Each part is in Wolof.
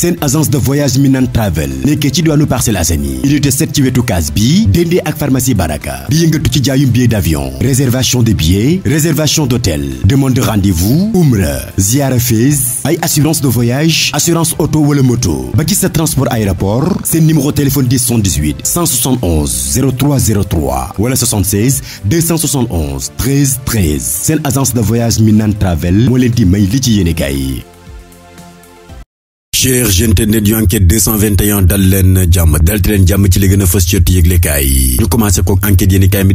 seen agence de voyage Minan Travel nekkee ci diwaanu Parcelles Assainies unité 7 ci wetu kaas bi déndee ak pharmacie Baraka bi yëngatu ci jaayum billet d'avion réservation de billets réservation d'hôtel demande de rendez-vous umra ziara Fès ay assurance de voyage assurance oto wala moto ba ci sa transport aéroport seen numéro téléphone 10 78 171 0303 wala 76 271 13 13 seen agence de voyage Minan Travel moo leen may li ci yéene kaay cher jentenet yu enquête 221 dal leen jàmm dalti leen jàmm ci li gën a fës ci yëglekaay yi ñu commencé kook enquête yéen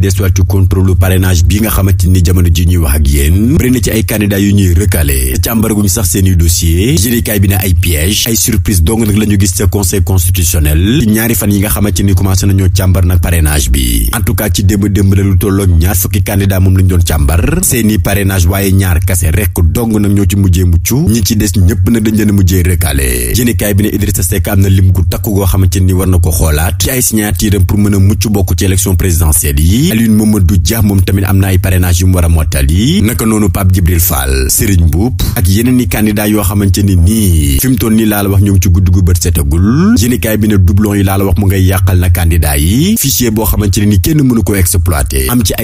bi nga xamante ni jamono ji ñuy wax ak yéen bëri na ci ay candidats yu ñuy recalé càmbaraguñ sax seeni i dossier yéenekaay bi ne ay piège ay surprise dong nag la ñu gis ca conseil constitutionnel ci ñaari fan yi nga xamante ni commencé nañoo càmbar nag parrainage bi en tout cas ci démb démb la lu tolloog ñaar fukki candidat moom lañ doon càmbar seeni parrainage waaye ñaar kase rek dong nag ñoo ci mujjee mucc ñi ci des ñëpp nag dañ leen mujjee recalé yéenekaay bi ne Idrissa Seck am na lim gu takku goo xamante ni war na ko xoolaat ci ay signaturam pour mën a mucc bokk ci élection présidentielle yi Aliou Mamadou Dia moom tamit am na ay parrainage yu mu war a mottal naka noonu Pape Djibril Fall Serigne Mboup ak yeneen i candidat yoo xamante ni nii fi mu nii laa la wax ñoo ngi ci gudd gu setagul yéenekaay bi ne doublon yi laa la wax mu ngay yàqal na candidat yi fichier boo xamante ne ni kenn mënu ko exploité am ci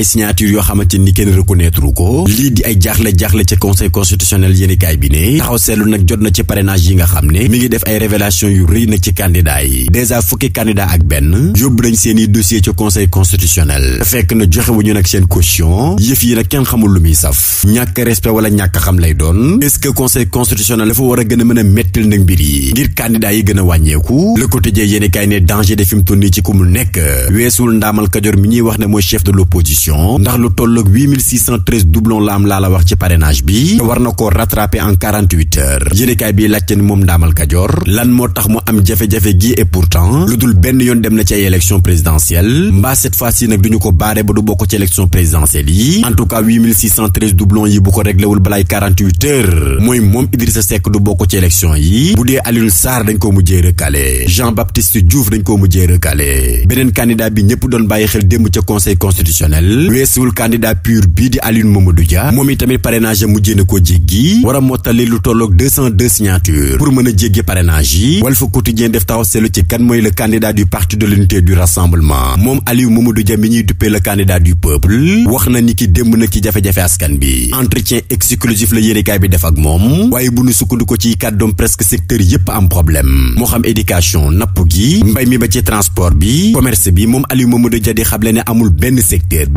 bi yi nga xam ne mi ngi def ay révélation yu rëy nag ci candidat yi dèjà fukki candidat ak benn yóbbu nañ seen i dossier ci conseil constitutionnel fekk na joxewuñu nag seen caution yëf yi nag kenn xamul lu muy saf ñàkk respect wala ñàkk xam lay doon est-ce que conseil constitutionnel dafa war a gën a mën a méttil nag mbir yi ngir candidat yi gën a wàññeeku le quotidien yéeni kaay ne danger de fi mu toll nii ci ku mu nekk weesul ndaamal kajoor mi ñuy wax ne mooy chef de l'opposition ndax lu tolloog 8613 doublon la am laa la wax ci parrainage bi war na bi laajte ni moom Mbawal Kajoor lan moo tax mu am jafe-jafe gi et pourtant lu dul benn yoon dem na ci ay présidentielle mbaa cette fois ci nag du ko baare ba du bokk ci élection présidentielle yi en doublon yi bu ko réglewul balaay 48 mooy moom Idrissa Seck du bokk ci élection yi bu dee Alioune Sarr dañ ko mujjee recalé Jean Baptiste Diouf dañ ko mujjee recalé beneen candidat bi ñëpp doon bàyyi xel démb ca conseil constitutionnel weesuwul candidat pur bii di jéggi parrainage yi Walf Quotidien def taxaw seetlu ci kan mooy le candidat du parti de l'unité du rassemblement moom Aliou Mamadou Dia mi ñuy duppee le candidat du peuple wax ni ki ci jafe-jafe askan bi entretien exclusif la yéenekaay bi def ak moom waaye bu mi ba ci transport bi commerce bi moom Aliou Mamadou Dia di xamle ne amul benn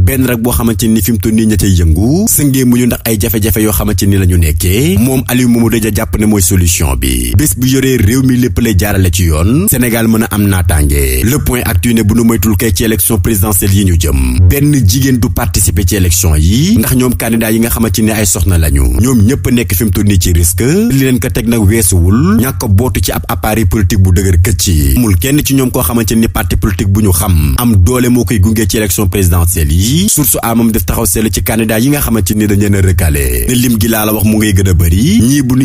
benn rek boo xamante ni fi mu toll nii ña cay yëngu sëngee mu ñu ndax ay yoo xamante ni la ñu nekkee moom Aliou Mamadou Dia jàpp ne mooy solution bi ministre bu yoree réew mi lépp lay jaarale ci yoon Sénégal mën a am naataange le point actu ne bu nu moytul kay ci élection présidentielle yi ñu jëm benn jigéen du participer ci élection yi ndax ñoom candidat yi nga xamante ne ay soxna lañu ñoom ñëpp nekk fi mu toll nii ci risque li leen ko teg nag weesuwul ñàkk bootu ci ab appareil politique bu dëgër këcc amul kenn ci ñoom koo xamante ni parti politique bu ñu xam am doole moo koy gunge ci élection présidentielle yi source def taxaw seetlu ci candidat yi nga xamante ni dañ leen a recalé ne lim gi laa la wax mu ngay a bëri ñii bu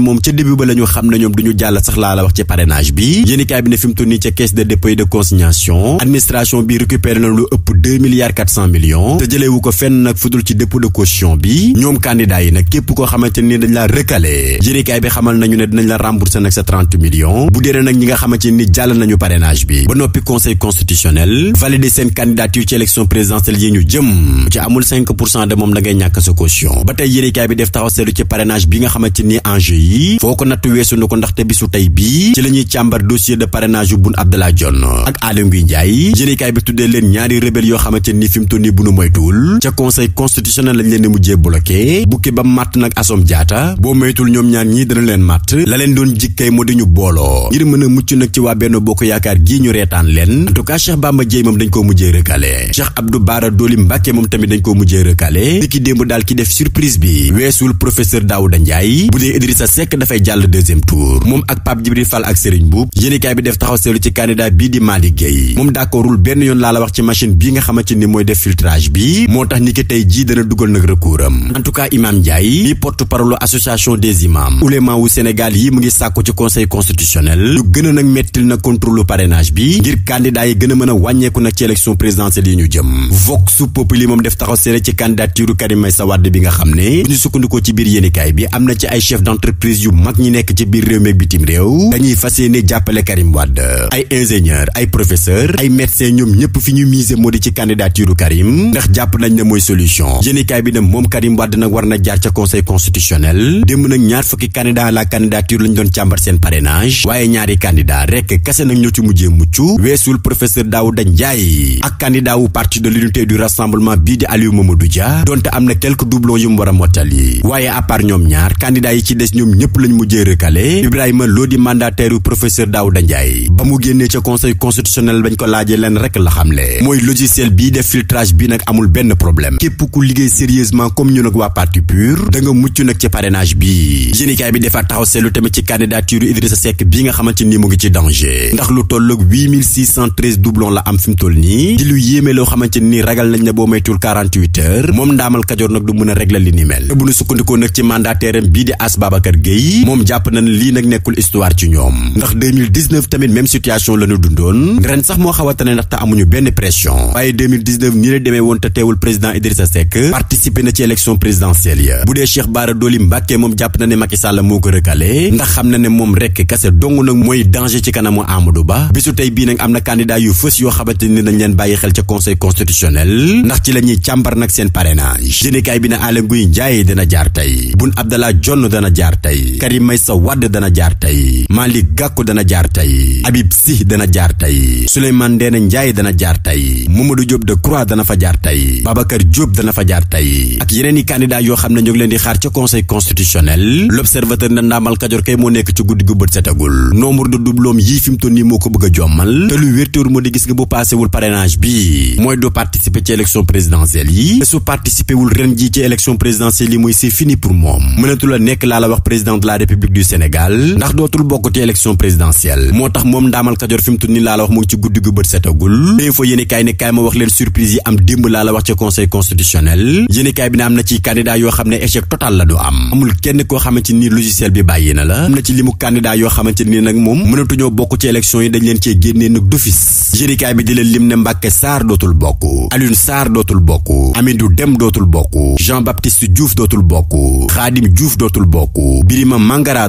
moom ca début ba lañu ñu xam ne ñoom du ñu jàll sax laa la wax ci parrainage bi yéenekaay bi ne fi mu toll nii ca caisse de dépôt et de consignation administration bi récupéré na lu ëpp 2 milliards 400 millions te jëleewu ko fenn nag fudul ci dépôt de caution bi ñoom candidat yi nag képp koo xamal nañu ne dinañ la remboursé nag sa 30 millions bu dee nag ñi nga xamante ni jàll nañu parrainage bi ba noppi conseil constitutionnel validé seen candidature ci élection présidentielle weesu na ko ndaxte bisu tey bii ci la ñuy càmbar dossier de parrainage yu Boun Abdallah ak Aly Ngouille Ndiaye jëlikaay bi tuddee leen ñaari rebelle yoo xamante ni fi mu bu nu moytuwul ca conseil constitutionnel lañ leen di mujjee bloqué bukki ba màtt nag Assome Diatta boo moytul ñoom ñaar ñii dana leen màtt la leen doon jikkay moo di ñu booloo ngir mën a mucc nag ci waa Benno Bokk Yaakaar gii ñu reetaan leen en tout cas Cheikh Bamba Dièye moom dañ koo mujjee recalé Cheikh Abdou Bara Dolly Mbacké moom tamit dañ koo mujjee recalé deuxième tour moom ak Pape Djibril Fall ak Serigne Mboup yéenekaay bi def taxaw seetlu ci candidat bii di Malick moom d'accordul benn yoon laa la wax ci machine bii nga xamante ni mooy def filtrage bi moo tax ni ki tey jii dana dugal nag recours am en tout cas Imam Ndiaye mi porte-parole association des imams ouléma wu Sénégal yi mu ngi sàkku ci conseil constitutionnel lu bi ngir candidat yi gën a mën a wàññeeku nag ci élection présidentielle yi ñu jëm Vox Populi moom def taxaw seetlu ci candidature Karim Meïssa Wade bi nga xam ne bu ñu sukkandikoo ci biir bi am na ci ay chef yu mag ñi nekk nekk ci biir réew meeg bitim réew dañuy fas yéene jàppale Karim ay ingénieur ay professeur ay médecin ñoom ñëpp fi ñu miser moo di ci candidature Karim ndax jàpp nañ ne mooy solution yéenekaay bi ne moom Karim Wade nag war na jaar ca conseil constitutionnel démb nag ñaar fukki candidat la candidature lañ doon càmbar seen parrainage waaye ñaari candidat rekk kase nag ñoo ci mujjee mucc weesul professeur Daouda Ndiaye ak candidat wu parti de l'unité du rassemblement bii di Aliou Mamadou Dia donte am na quelques doublons yu mu war a mottali waaye à part ñoom ñaar candidat yi ci des ñoom ñëpp lañ mujjee rek Calais Ibrahima Lo di mandataire professeur Daouda Ndiaye ba mu génnee ca conseil constitutionnel bañ ko laajee leen rek la xamle mooy logiciel bii def filtrage bi nag amul benn problème képp ku liggéey sérieusement comme ñu nag waa parti pur da nga mucc nag ci parrainage bi yéenekaay bi defaat taxaw seetlu tamit ci candidature Idrissa Seck bi nga xamante ni mu ngi ci danger ndax lu tolloog doublon la am fi mu toll nii di lu yéeme loo xamante ni ragal nañ nañ lii nag nekkul histoire ci ñoom ndax 2019 tamit même situation la ñu dundoon ren sax moo xaw a tane ndaxte amuñu benn pression waaye 2019 nii la demee woon te teewul président Idrissa Seck participé na ci élection présidentielle ya bu dee Cheikh Bara Dolly Mbacké moom jàpp na ne Macky Sall moo ko recalé ndax xam na ne moom rekk kase dong nag mooy danger ci kanamu Amadou Ba bisu tey bii nag am na candidat yu fës yoo xamante ni nañ leen bàyyi xel ca conseil constitutionnel ndax ci la ñuy càmbar nag seen parrainage yéenekaay bi na Aly Ngouille Ndiaye jaar tey Boun Abdallah Dionne dana jaar tey Karim Meïssa Wade dana jaar tey Malick Gakou dana jaar tey Habib Sy dana jaar tey Souleymane Ndéné Ndiaye dana jaar tey Mamadou Diop Decroix dana fa jaar tey Babacar Diop dana fa jaar tey ak yeneen i candidat yoo xam ne ñoo ngi leen di xaar ca conseil constitutionnel l'observateur na ndaamal Kajoor kay moo nekk ci guddi gu bët setagul nombre de doublons yii fi mu nii moo ko bëgg a jommal te lu wértéwul moo di gis nga bu paasewul parrainage bi mooy du participer ci élection jii ci élection présidentielle yi mooy c'est fini pour moom laa la wax la république du Sénégal ndax dootul bokk ci élection présidentielle moo tax moom ndaamal Kajoor fi mu tudd ni laa la wax mu ci guddi gu bët setagul léegi fa yéene kaay ne ma wax leen surprise yi am démb laa la wax ci conseil constitutionnel yéene kaay bi na am na ci candidat yoo xam ne échec total la du am amul kenn koo xamante ni logiciel bi bàyyi na la am na ci limu candidat yoo xamante ni nag moom mënatuñoo bokk ci élection yi dañ leen cee génnee nag d'office yéene bi di leen lim ne Mbàkke Sarr dootul bokk Alioune dootul bokk Amidou Dem dootul bokk Jean Baptiste Diouf dootul bokk Khadim Diouf dootul bokk Birima Mangara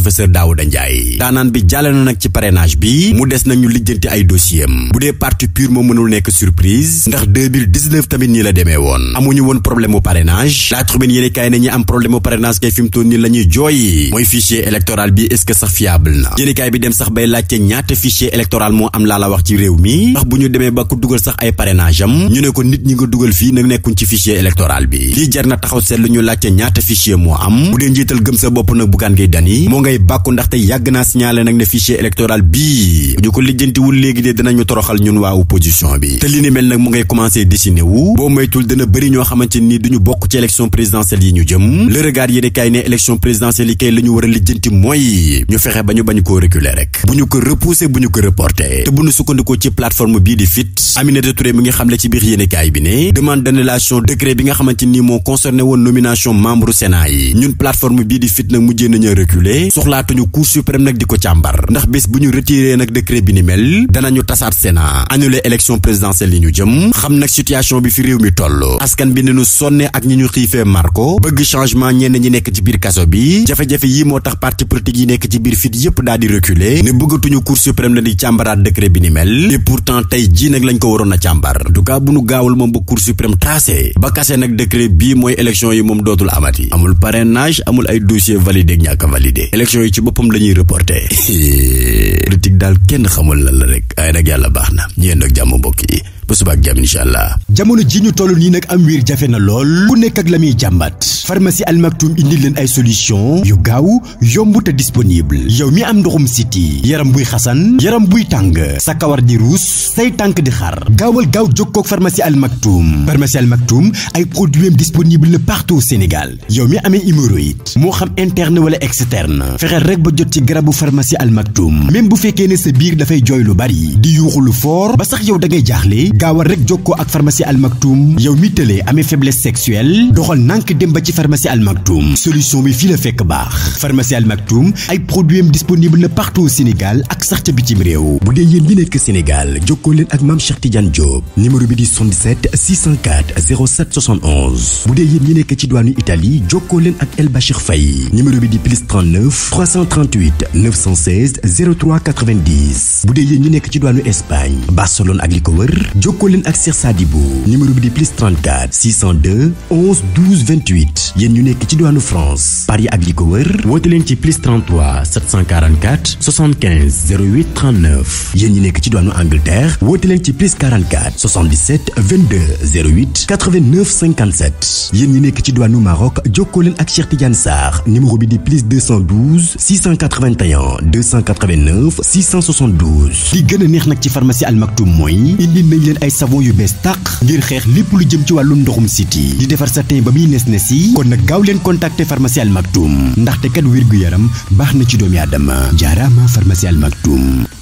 professeur Daouda Ndiaye daanaan bi jàlle na nag ci parrainage bi mu des nañu lijjanti ay dossier am bu dee parti pur moo mënul nekk surprise ndax 2019 tamit nii la demee woon amuñu woon problème mu parrainage laa tribune yéeni am problème mu parrainage kay fi nii la ñuy jooy mooy fichier électoral bi est-ce que sax fiable na yéeni kaay bi dem sax bay laajte ñaata fichier électoral moo am laa la wax ci réew mi ndax bu ñu demee ba ku dugal sax ay parrainage am ñu ne nit ñi nga dugal fii nag nekkuñ ci fichier électoral bi lii jar na taxaw seet lu ñu laajte ñaata fichier moo am bu dee njiital gëm sa bopp nag bugaan ngay ngay bàkku ndaxte yàgg naa signalé nag ne fichier électoral bii ñu ko lijjantiwul léegi de danañu toroxal ñun waa opposition bi te li ni mel nag mu ngay commencé dessiné wu boo moytul dana bëri ñoo xamante ni duñu bokk ci élection présidentielle yi ñu jëm le regard ne élection présidentielle yi kay la ñu lijjanti mooy ñu fexe ba ñu bañ koo reculer rek bu ñu ko repousser bu ñu ko reporter te bu ñu sukkandikoo ci plateforme bii di FIT Aminata Touré mi ngi xamle ci biir yéene kaay bi moo concerné woon nomination membre soxlaatuñu cour suprême di ko càmbar ndax bés bu ñu retiré nag décret bi ni mel danañu tasaat sénat annulé élection présidentielle yi ñu jëm xam nag situation bi fi réew mi toll askan bi ni ñu sonne ak ñi ñu xiifee marko bëgg changement ñenn ñi nekk ci biir kaso bi jafe-jafe yi moo tax parti politique yi nekk ci biir fit yépp daal di reculer ne bëggatuñu cour suprême la di càmbaraat décret bi ni mel et pourtant tey jii nag lañ ko waroon a càmbar du kaa bu nu gaawul moom ba cour suprême tracé ba kase nag décret bii mooy élection yi moom dootul amati amul parrainage amul ay dossier validé ak ñàkk validé élection ci boppam la ñuy reporté politique daal kenn xamul lan la rek ay nag yàlla baax na ñu yendoog jàmm mbokk yi ba suba ak jàmm allah jamono ji ñu toll nii nag am wiir jafe na lool ku nekk ak la muy jàmbat pharmacie Al Maktoum indi leen ay solution yu gaaw yomb te disponible yow mi am ndoxum siti yaram buy xasan yaram buy tàng sa kawar di ruus say tànk di xar gaawal gaaw jokkoog pharmacie Al Maktoum pharmacie Al Maktoum ay produit am disponible na au Sénégal yow mi amee hémorroïde moo xam interne wala externe fexeel rek ba jot ci garabu pharmacie Al Maktoum même bu fekkee ne sa biir dafay jooy lu bari di yuuxu lu fort ba sax yow da ngay jaaxle gaawal rek jokkoo ak pharmacie Al Maktoum yow mi tëlee amee faiblesse sexuelle doxal nànk dem ba ci pharmacie Al Maktoum solution bi fii la fekk baax pharmacie Al Maktoum ay produits am disponible na partout au Sénégal ak sax ca bitim réew bu dee yéen ñi nekk Sénégal jokkoo leen ak maam Cheikh Tidiane Diop numéro bi di 77 604 07 71 bu dee yéen ñi nekk ci diwaanu Italie jokkoo leen ak El Bachir Faye numéro bi di plus 39 338 916 03 90 bu dee yéen ñi nekk ci diwaanu Espagne Barcelone ak li ko jokkoo leen ak Cheikh Sadibou numéro bi di plus 34 602 11 12 28 yéen ñu nekk ci diwaanu France Paris ak li ko wër woote leen ci plus 33 744 75 08 39 yéen ñu nekk ci diwaanu Angleterre woote leen ci plus 44 77 22 08 89 57 yéen ñu nekk ci diwaanu Maroc jokkoo leen ak Cheikh Tidiane Sarr numéro bi di plus 212 681 289 672 li gën a neex nag ci pharmacie Al ay savon yu bees tàq ngir xeex lépp lu jëm ci wàllum ndoxum siti di defar sa teen ba muy nes nes yi kon nag gaaw leen contacter pharmacie Al Maktoum ndaxte kat wér gu yaram baax na ci doomi aadama jaaraama pharmacie Al Maktoum